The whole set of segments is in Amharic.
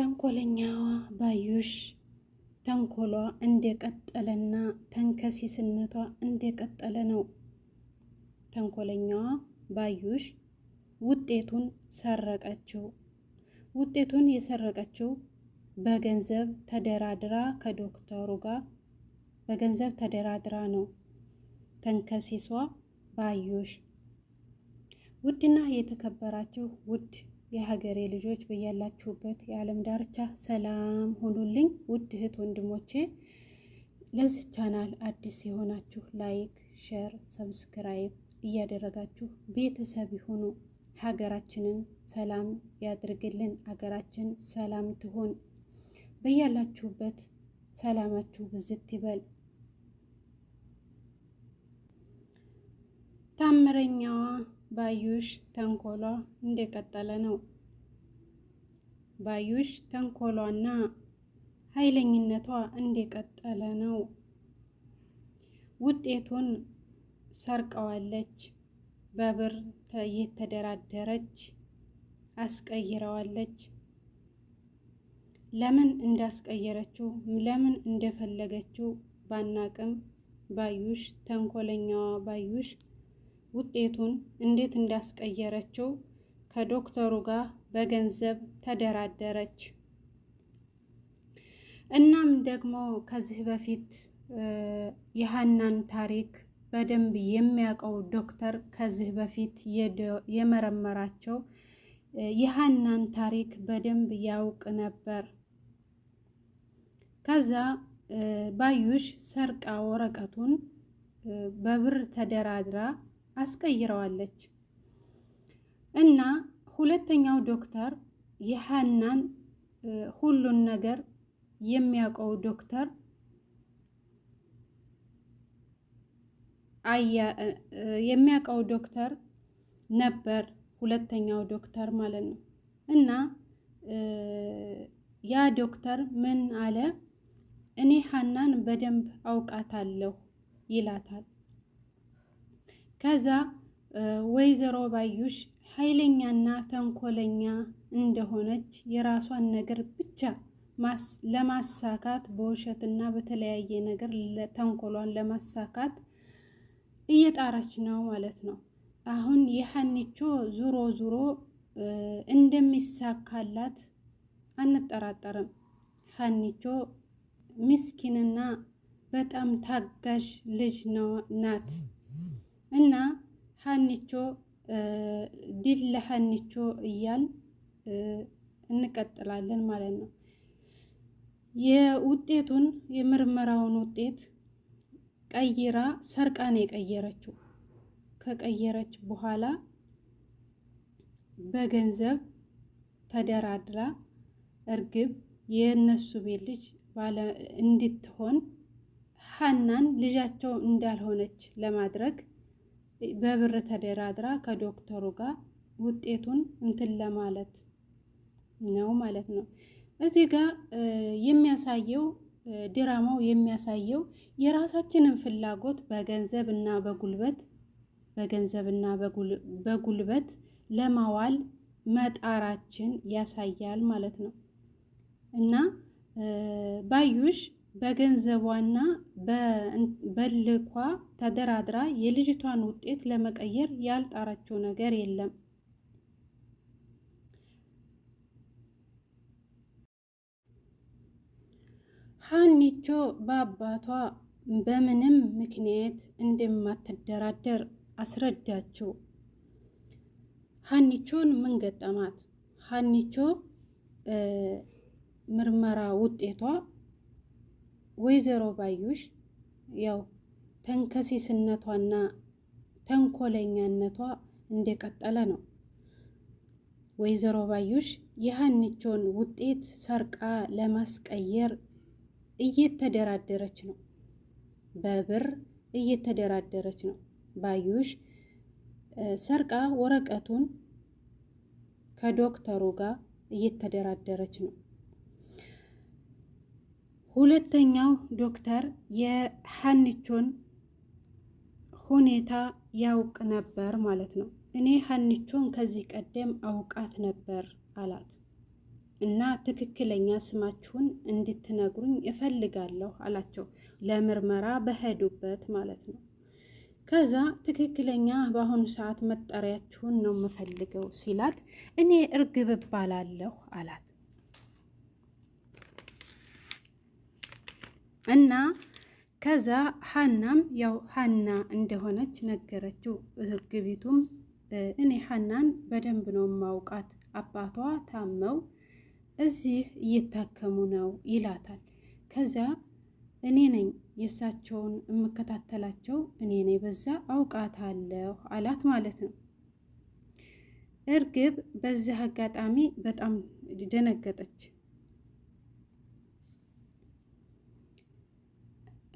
ተንኮለኛዋ ባዩሽ ተንኮሏ እንደቀጠለና ተንከሲስነቷ እንደቀጠለ ነው። ተንኮለኛዋ ባዩሽ ውጤቱን ሰረቀችው። ውጤቱን የሰረቀችው በገንዘብ ተደራድራ ከዶክተሩ ጋር በገንዘብ ተደራድራ ነው። ተንከሲሷ ባዩሽ ውድና የተከበራችሁ ውድ የሀገሬ ልጆች በያላችሁበት የዓለም ዳርቻ ሰላም ሁኑልኝ። ውድ እህት ወንድሞቼ፣ ለዚህ ቻናል አዲስ የሆናችሁ ላይክ፣ ሼር፣ ሰብስክራይብ እያደረጋችሁ ቤተሰብ ይሁኑ። ሀገራችንን ሰላም ያድርግልን። ሀገራችን ሰላም ትሁን። በያላችሁበት ሰላማችሁ ብዝት ይበል። ታምረኛዋ ባዩሽ ተንኮሏ እንደቀጠለ ነው። ባዩሽ ተንኮሏና ኃይለኝነቷ እንደቀጠለ ነው። ውጤቱን ሰርቀዋለች። በብር የተደራደረች አስቀይረዋለች። ለምን እንዳስቀየረችው ለምን እንደፈለገችው ባናቅም ባዩሽ ተንኮለኛዋ ባዩሽ ውጤቱን እንዴት እንዳስቀየረችው ከዶክተሩ ጋር በገንዘብ ተደራደረች። እናም ደግሞ ከዚህ በፊት የሀናን ታሪክ በደንብ የሚያውቀው ዶክተር ከዚህ በፊት የመረመራቸው የሀናን ታሪክ በደንብ ያውቅ ነበር። ከዛ ባዩሽ ሰርቃ ወረቀቱን በብር ተደራድራ አስቀይረዋለች እና ሁለተኛው ዶክተር የሀናን ሁሉን ነገር የሚያውቀው ዶክተር አያ የሚያውቀው ዶክተር ነበር። ሁለተኛው ዶክተር ማለት ነው እና ያ ዶክተር ምን አለ? እኔ ሀናን በደንብ አውቃታለሁ ይላታል። ከዛ ወይዘሮ ባዩሽ ኃይለኛና ተንኮለኛ እንደሆነች የራሷን ነገር ብቻ ለማሳካት በውሸትና በተለያየ ነገር ተንኮሏን ለማሳካት እየጣረች ነው ማለት ነው። አሁን የሀኒቾ ዙሮ ዙሮ እንደሚሳካላት አንጠራጠርም። ሀኒቾ ምስኪንና በጣም ታጋሽ ልጅ ናት። እና ሀኒቾ ድል ለሀኒቾ እያል እንቀጥላለን ማለት ነው። የውጤቱን የምርመራውን ውጤት ቀይራ ሰርቃን የቀየረችው ከቀየረች በኋላ በገንዘብ ተደራድራ እርግብ የእነሱ ቤት ልጅ ባለ እንድትሆን ሀናን ልጃቸው እንዳልሆነች ለማድረግ በብር ተደራድራ ከዶክተሩ ጋር ውጤቱን እንትን ለማለት ነው ማለት ነው። እዚህ ጋር የሚያሳየው ድራማው የሚያሳየው የራሳችንን ፍላጎት በገንዘብ እና በጉልበት በገንዘብና በጉልበት ለማዋል መጣራችን ያሳያል ማለት ነው እና ባዩሽ በገንዘቧና በልኳ ተደራድራ የልጅቷን ውጤት ለመቀየር ያልጣረችው ነገር የለም። ሀኒቾ በአባቷ በምንም ምክንያት እንደማትደራደር አስረዳችው። ሀኒቾን ምን ገጠማት? ሀኒቾ ምርመራ ውጤቷ ወይዘሮ ባዩሽ ያው ተንከሲስነቷና ተንኮለኛነቷ እንደቀጠለ ነው። ወይዘሮ ባዩሽ የሀንቾን ውጤት ሰርቃ ለማስቀየር እየተደራደረች ነው። በብር እየተደራደረች ነው። ባዩሽ ሰርቃ ወረቀቱን ከዶክተሩ ጋር እየተደራደረች ነው። ሁለተኛው ዶክተር የሀንቾን ሁኔታ ያውቅ ነበር ማለት ነው። እኔ ሀንቾን ከዚህ ቀደም አውቃት ነበር አላት እና ትክክለኛ ስማችሁን እንድትነግሩኝ እፈልጋለሁ አላቸው። ለምርመራ በሄዱበት ማለት ነው። ከዛ ትክክለኛ በአሁኑ ሰዓት መጠሪያችሁን ነው የምፈልገው ሲላት፣ እኔ እርግብ እባላለሁ አላት። እና ከዛ ሀናም ያው ሀና እንደሆነች ነገረችው። እርግቢቱም እኔ ሀናን በደንብ ነው ማውቃት፣ አባቷ ታመው እዚህ እየታከሙ ነው ይላታል። ከዛ እኔ ነኝ የእሳቸውን የምከታተላቸው እኔ ነኝ፣ በዛ አለሁ አላት ማለት ነው። እርግብ በዚህ አጋጣሚ በጣም ደነገጠች።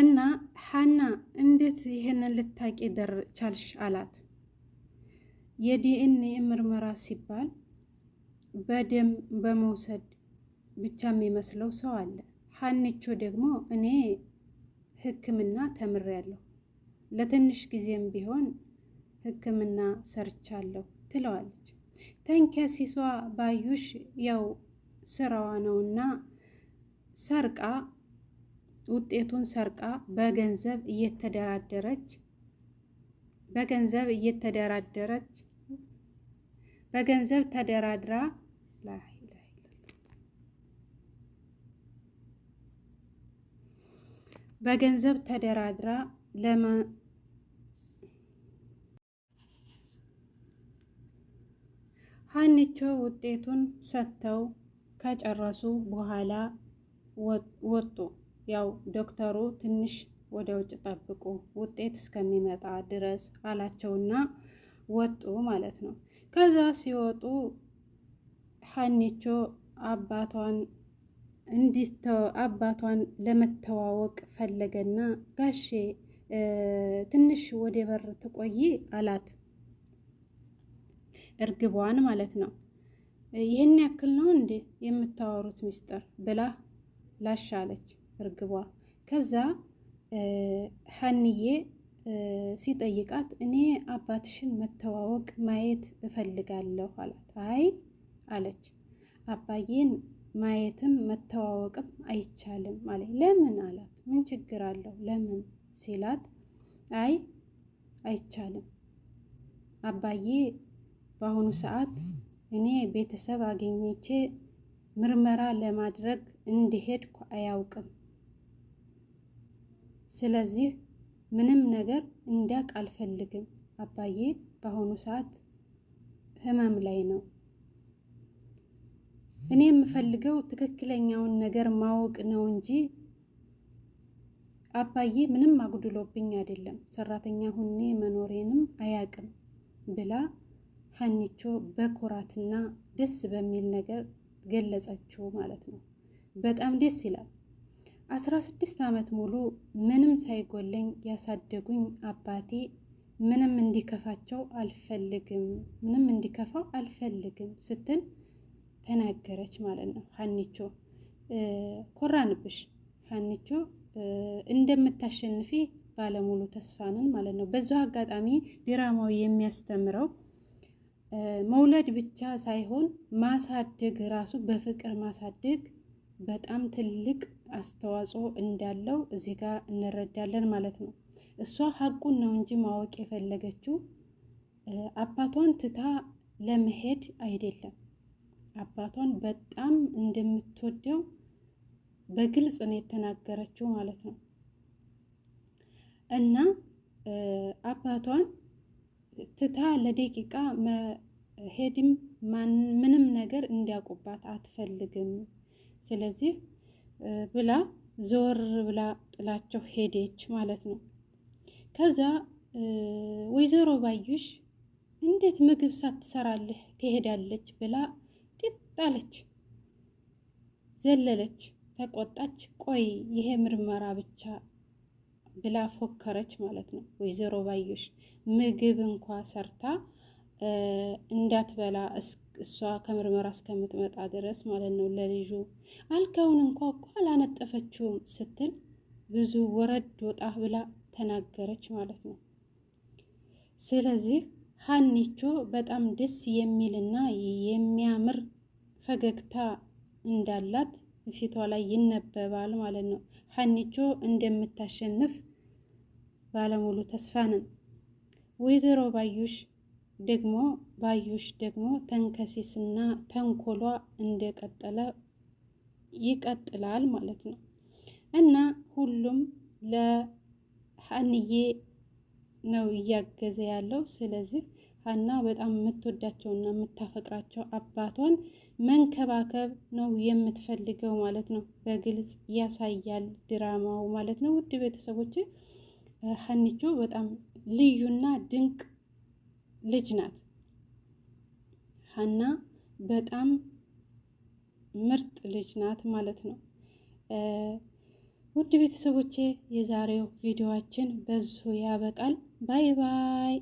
እና ሀና እንዴት ይሄንን ልታቂ ደር ቻልሽ አላት። የዲኤንኤ ምርመራ ሲባል በደም በመውሰድ ብቻ የሚመስለው ሰው አለ። ሀኒቾ ደግሞ እኔ ሕክምና ተምሬያለሁ ለትንሽ ጊዜም ቢሆን ሕክምና ሰርቻለሁ ትለዋለች። ተንከሲሷ ባዩሽ ያው ስራዋ ነውና ሰርቃ ውጤቱን ሰርቃ በገንዘብ እየተደራደረች በገንዘብ እየተደራደረች በገንዘብ ተደራድራ በገንዘብ ተደራድራ ለመ ሀኒቾ ውጤቱን ሰጥተው ከጨረሱ በኋላ ወጡ። ያው ዶክተሩ ትንሽ ወደ ውጭ ጠብቁ ውጤት እስከሚመጣ ድረስ አላቸውና ወጡ ማለት ነው። ከዛ ሲወጡ ሀኒቾ አባቷን አባቷን ለመተዋወቅ ፈለገና ጋሼ ትንሽ ወደ በር ትቆይ አላት። እርግቧን ማለት ነው። ይህን ያክል ነው እንዴ የምታወሩት ሚስጥር ብላ ላሻለች። እርግቧ። ከዛ ሀንዬ ሲጠይቃት እኔ አባትሽን መተዋወቅ ማየት እፈልጋለሁ አላት። አይ አለች፣ አባዬን ማየትም መተዋወቅም አይቻልም አለ። ለምን አላት። ምን ችግር አለው ለምን ሲላት፣ አይ አይቻልም አባዬ በአሁኑ ሰዓት እኔ ቤተሰብ አገኘቼ ምርመራ ለማድረግ እንደሄድኩ አያውቅም ስለዚህ ምንም ነገር እንዲያውቅ አልፈልግም። አባዬ በአሁኑ ሰዓት ህመም ላይ ነው። እኔ የምፈልገው ትክክለኛውን ነገር ማወቅ ነው እንጂ አባዬ ምንም አጉድሎብኝ አይደለም። ሰራተኛ ሁኔ መኖሬንም አያውቅም ብላ ሀኒቾ በኩራትና ደስ በሚል ነገር ገለጸችው ማለት ነው። በጣም ደስ ይላል። አስራ ስድስት ዓመት ሙሉ ምንም ሳይጎለኝ ያሳደጉኝ አባቴ ምንም እንዲከፋቸው አልፈልግም፣ ምንም እንዲከፋው አልፈልግም ስትል ተናገረች ማለት ነው። ሀኒቾ ኮራንብሽ። ሀኒቾ እንደምታሸንፊ ባለሙሉ ተስፋ ማለት ነው። በዚሁ አጋጣሚ ድራማው የሚያስተምረው መውለድ ብቻ ሳይሆን ማሳደግ ራሱ በፍቅር ማሳደግ በጣም ትልቅ አስተዋጽኦ እንዳለው እዚህ ጋር እንረዳለን ማለት ነው። እሷ ሀቁን ነው እንጂ ማወቅ የፈለገችው አባቷን ትታ ለመሄድ አይደለም። አባቷን በጣም እንደምትወደው በግልጽ ነው የተናገረችው ማለት ነው። እና አባቷን ትታ ለደቂቃ መሄድም ምንም ነገር እንዲያውቁባት አትፈልግም። ስለዚህ ብላ ዞር ብላ ጥላቸው ሄደች ማለት ነው። ከዛ ወይዘሮ ባዩሽ እንዴት ምግብ ሳትሰራልህ ትሄዳለች ብላ አለች፣ ዘለለች፣ ተቆጣች። ቆይ ይሄ ምርመራ ብቻ ብላ ፎከረች ማለት ነው። ወይዘሮ ባዩሽ ምግብ እንኳ ሰርታ እንዳትበላ እሷ ከምርመራ እስከምትመጣ ድረስ ማለት ነው ለልጁ አልጋውን እንኳ እኮ አላነጠፈችውም ስትል ብዙ ወረድ ወጣ ብላ ተናገረች ማለት ነው። ስለዚህ ሀኒቾ በጣም ደስ የሚልና የሚያምር ፈገግታ እንዳላት ፊቷ ላይ ይነበባል ማለት ነው። ሀኒቾ እንደምታሸንፍ ባለሙሉ ተስፋ ነን። ወይዘሮ ባዩሽ ደግሞ ባዩሽ ደግሞ ተንከሲስና ተንኮሏ እንደቀጠለ ይቀጥላል ማለት ነው። እና ሁሉም ለሀንዬ ነው እያገዘ ያለው። ስለዚህ ሀና በጣም የምትወዳቸውና የምታፈቅራቸው አባቷን መንከባከብ ነው የምትፈልገው ማለት ነው። በግልጽ ያሳያል ድራማው ማለት ነው። ውድ ቤተሰቦች ሀኒቾ በጣም ልዩና ድንቅ ልጅ ናት። ሀና በጣም ምርጥ ልጅ ናት ማለት ነው። ውድ ቤተሰቦቼ የዛሬው ቪዲዮዋችን በዙ ያበቃል። ባይ ባይ።